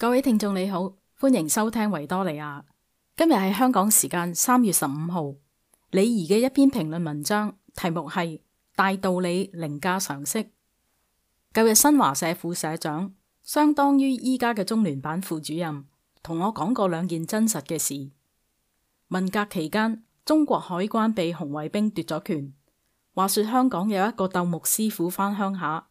各位聽眾你好，歡迎收聽維多利亞。今日係香港時間三月十五號，李怡嘅一篇評論文章，題目係大道理凌駕常識。舊日新華社副社長，相當於依家嘅中聯辦副主任，同我講過兩件真實嘅事。文革期間，中國海關被紅衛兵奪咗權。話說香港有一個鬥木師傅翻鄉下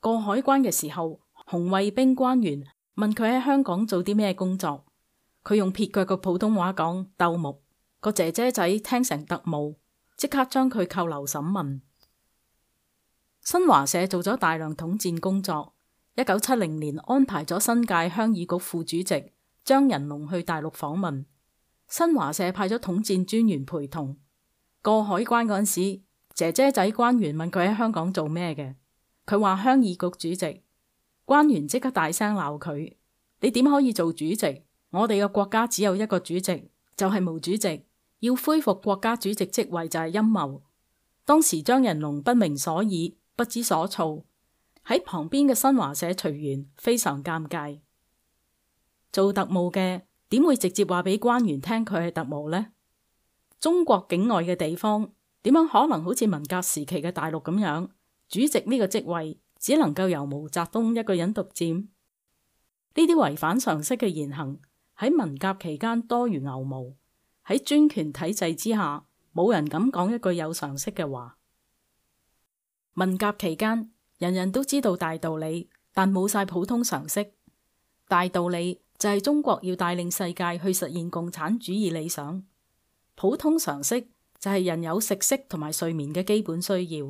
過海關嘅時候，紅衛兵官員。問佢喺香港做啲咩工作，佢用撇腳嘅普通話講鬥木，個姐姐仔聽成特務，即刻將佢扣留審問。新華社做咗大量統戰工作，一九七零年安排咗新界鄉議局副主席張仁龍去大陸訪問，新華社派咗統戰專員陪同。過海關嗰陣時，姐姐仔關員問佢喺香港做咩嘅？佢話鄉議局主席。關員即刻大聲鬧佢：你點可以做主席？我哋嘅國家只有一個主席，就係毛主席。要恢復國家主席職位就係陰謀。當時張仁龍不明所以，不知所措，喺旁邊嘅新華社隨員非常尷尬。做特務嘅點會直接話俾關員聽佢係特務呢？中國境外嘅地方點樣可能好似文革時期嘅大陸咁樣？主席呢個職位，只能夠由毛澤東一個人獨佔。呢啲違反常識嘅言行喺文革期間多如牛毛。喺專權體制之下，冇人敢講一句有常識嘅話。文革期間，人人都知道大道理，但冇晒普通常識。大道理就係中國要帶領世界去實現共產主義理想，普通常識就係人有食息同埋睡眠嘅基本需要。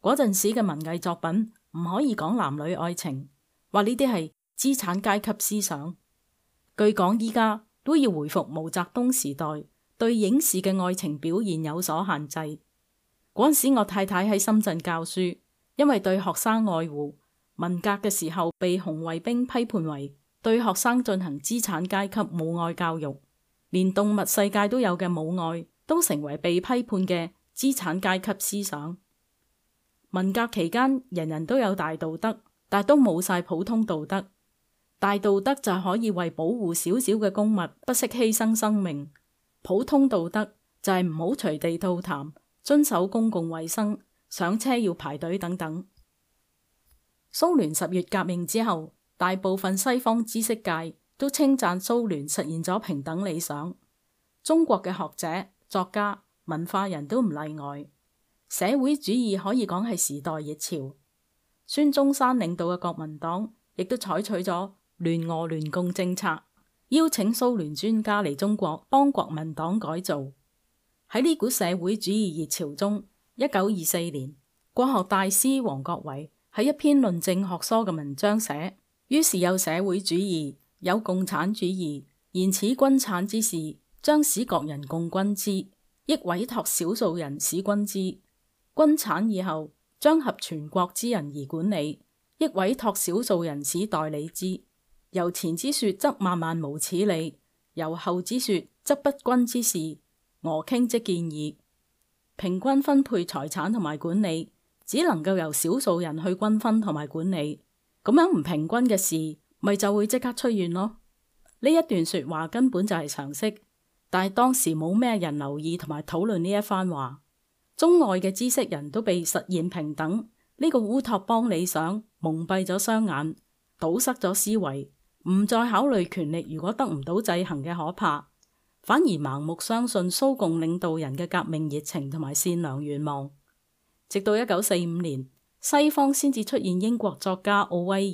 嗰陣時嘅文藝作品。唔可以講男女愛情，話呢啲係資產階級思想。據講依家都要回復毛澤東時代對影視嘅愛情表現有所限制。嗰時我太太喺深圳教書，因為對學生愛護，文革嘅時候被紅衛兵批判為對學生進行資產階級母愛教育，連動物世界都有嘅母愛都成為被批判嘅資產階級思想。文革期間，人人都有大道德，但都冇晒普通道德。大道德就可以為保護小小嘅公物，不惜犧牲生命；普通道德就係唔好隨地吐痰、遵守公共衛生、上車要排隊等等。蘇聯十月革命之後，大部分西方知識界都稱讚蘇聯實現咗平等理想，中國嘅學者、作家、文化人都唔例外。社會主義可以講係時代熱潮。孫中山領導嘅國民黨亦都採取咗聯俄聯共政策，邀請蘇聯專家嚟中國幫國民黨改造。喺呢股社會主義熱潮中，一九二四年，國學大師王國維喺一篇論證學疏嘅文章寫：於是有社會主義，有共產主義，然此均產之事，將使國人共均之，亦委託少數人使均之。均產以後，將合全國之人而管理，亦委託少數人士代理之。由前之說，則萬萬無此理；由後之說，則不均之事。俄傾即見矣，平均分配財產同埋管理，只能夠由少數人去均分同埋管理，咁樣唔平均嘅事，咪就，就會即刻出現咯。呢一段說話根本就係常識，但係當時冇咩人留意同埋討論呢一番話。中外嘅知識人都被實現平等呢個烏托邦理想蒙蔽咗雙眼，堵塞咗思維，唔再考慮權力如果得唔到制衡嘅可怕，反而盲目相信蘇共領導人嘅革命熱情同埋善良願望。直到一九四五年，西方先至出現英國作家奧威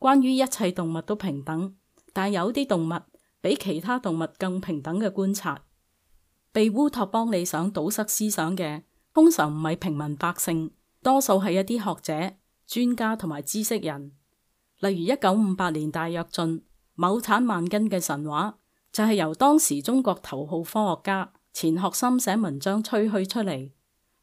爾關於一切動物都平等，但有啲動物比其他動物更平等嘅觀察，被烏托邦理想堵塞思想嘅。通常唔係平民百姓，多數係一啲學者、專家同埋知識人，例如一九五八年大躍進，畝產萬斤嘅神話就係由當時中國頭號科學家錢學森寫文章吹噓出嚟。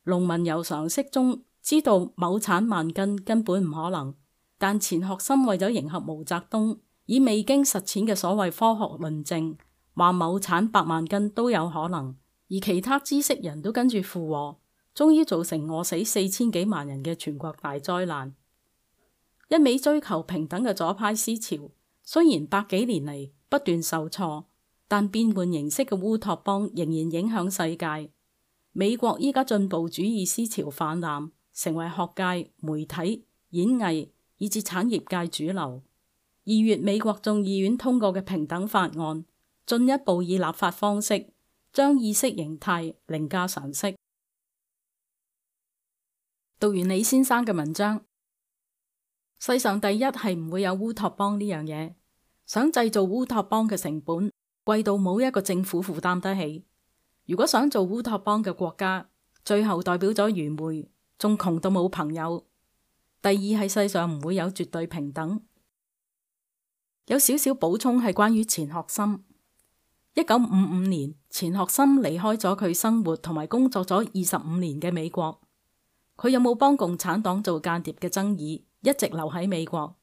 農民由常識中知道畝產萬斤根本唔可能，但錢學森為咗迎合毛澤東，以未經實踐嘅所謂科學論證，話畝產百萬斤都有可能，而其他知識人都跟住附和。終於造成餓死四千幾萬人嘅全國大災難。一味追求平等嘅左派思潮，雖然百幾年嚟不斷受挫，但變換形式嘅烏托邦仍然影響世界。美國依家進步主義思潮泛濫，成為學界、媒體、演藝以至產業界主流。二月美國眾議院通過嘅平等法案，進一步以立法方式將意識形態凌駕常識。讀完李先生嘅文章，世上第一係唔會有烏托邦呢樣嘢，想製造烏托邦嘅成本貴到冇一個政府負擔得起。如果想做烏托邦嘅國家，最後代表咗愚昧，仲窮到冇朋友。第二係世上唔會有絕對平等。有少少補充係關於錢學森。一九五五年，錢學森離開咗佢生活同埋工作咗二十五年嘅美國。佢有冇幫共產黨做間諜嘅爭議一直留喺美國，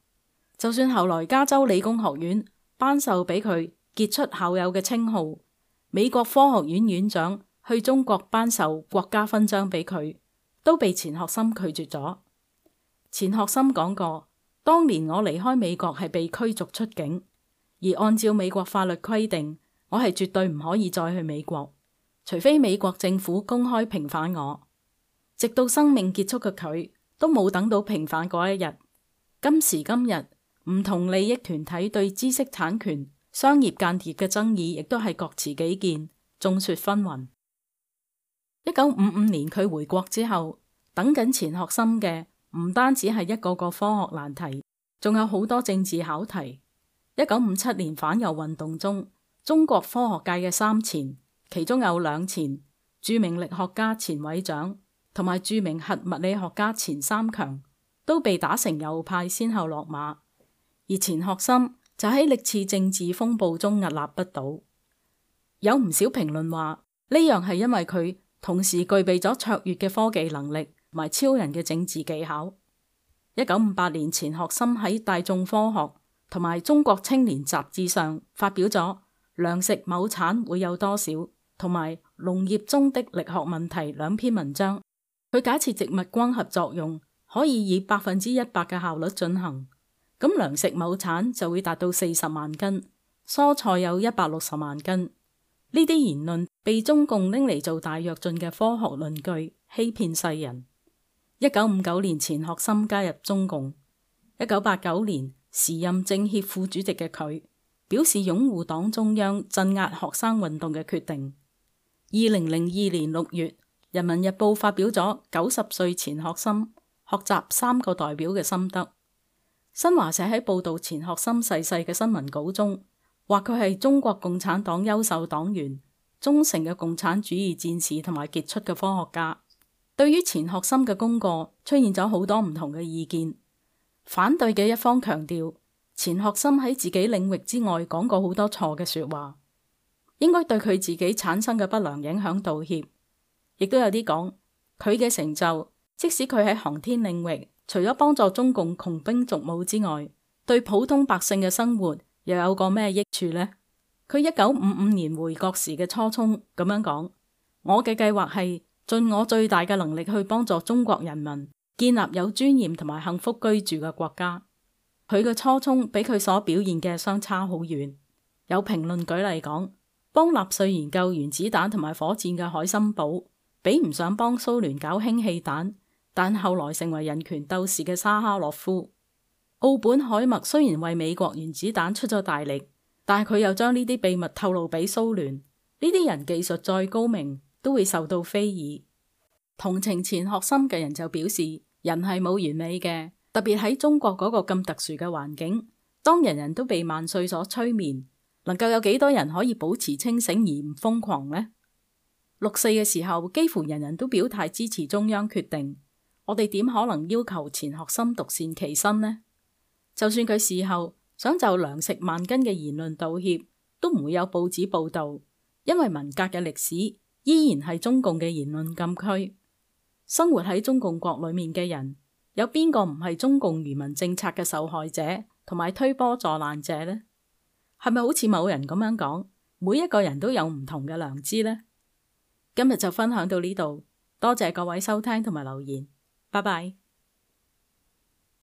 就算後來加州理工學院頒授俾佢傑出校友嘅稱號，美國科學院院長去中國頒授國家勳章俾佢，都被錢學森拒絕咗。錢學森講過，當年我離開美國係被驅逐出境，而按照美國法律規定，我係絕對唔可以再去美國，除非美國政府公開平反我。直到生命結束嘅佢都冇等到平反嗰一日。今時今日，唔同利益團體對知識產權、商業間諜嘅爭議，亦都係各持己見，眾說紛紜。一九五五年佢回國之後，等緊錢學森嘅唔單止係一個個科學難題，仲有好多政治考題。一九五七年反右運動中，中國科學界嘅三錢，其中有兩錢，著名力學家錢偉長。同埋著名核物理學家錢三強都被打成右派，先後落馬。而錢學森就喺歷次政治風暴中屹立不倒。有唔少評論話呢樣係因為佢同時具備咗卓越嘅科技能力同埋超人嘅政治技巧。一九五八年錢學森喺《大眾科學》同埋《中國青年》雜誌上發表咗《糧食畝產會有多少》同埋《農業中的力學問題》兩篇文章。佢假設植物光合作用可以以百分之一百嘅效率進行，咁糧食畝產就會達到四十萬斤，蔬菜有一百六十萬斤。呢啲言論被中共拎嚟做大躍進嘅科學論據，欺騙世人。一九五九年前，學生加入中共。一九八九年，時任政協副主席嘅佢表示擁護黨中央鎮壓學生運動嘅決定。二零零二年六月。《人民日報》發表咗九十歲錢學森學習三個代表嘅心得。新華社喺報道錢學森逝世嘅新聞稿中，話佢係中國共產黨優秀黨員、忠誠嘅共產主義戰士同埋傑出嘅科學家。對於錢學森嘅功過，出現咗好多唔同嘅意見。反對嘅一方強調，錢學森喺自己領域之外講過好多錯嘅說話，應該對佢自己產生嘅不良影響道歉。亦都有啲講佢嘅成就，即使佢喺航天領域，除咗幫助中共窮兵黷武之外，對普通百姓嘅生活又有個咩益處呢？佢一九五五年回國時嘅初衷咁樣講：我嘅計劃係盡我最大嘅能力去幫助中國人民建立有尊嚴同埋幸福居住嘅國家。佢嘅初衷比佢所表現嘅相差好遠。有評論舉例講：幫納粹研究原子彈同埋火箭嘅海森堡。比唔上幫蘇聯搞氫氣彈，但後來成為人權鬥士嘅沙哈洛夫、奧本海默雖然為美國原子彈出咗大力，但係佢又將呢啲秘密透露俾蘇聯。呢啲人技術再高明，都會受到非議。同情錢學森嘅人就表示，人係冇完美嘅，特別喺中國嗰個咁特殊嘅環境，當人人都被萬歲所催眠，能夠有幾多人可以保持清醒而唔瘋狂呢？六四嘅時候，幾乎人人都表態支持中央決定。我哋點可能要求錢學森獨善其身呢？就算佢事後想就糧食萬斤嘅言論道歉，都唔會有報紙報道，因為文革嘅歷史依然係中共嘅言論禁區。生活喺中共國裏面嘅人，有邊個唔係中共愚民政策嘅受害者同埋推波助瀾者呢？係咪好似某人咁樣講：每一個人都有唔同嘅良知呢？今日就分享到呢度，多謝各位收聽同埋留言，拜拜。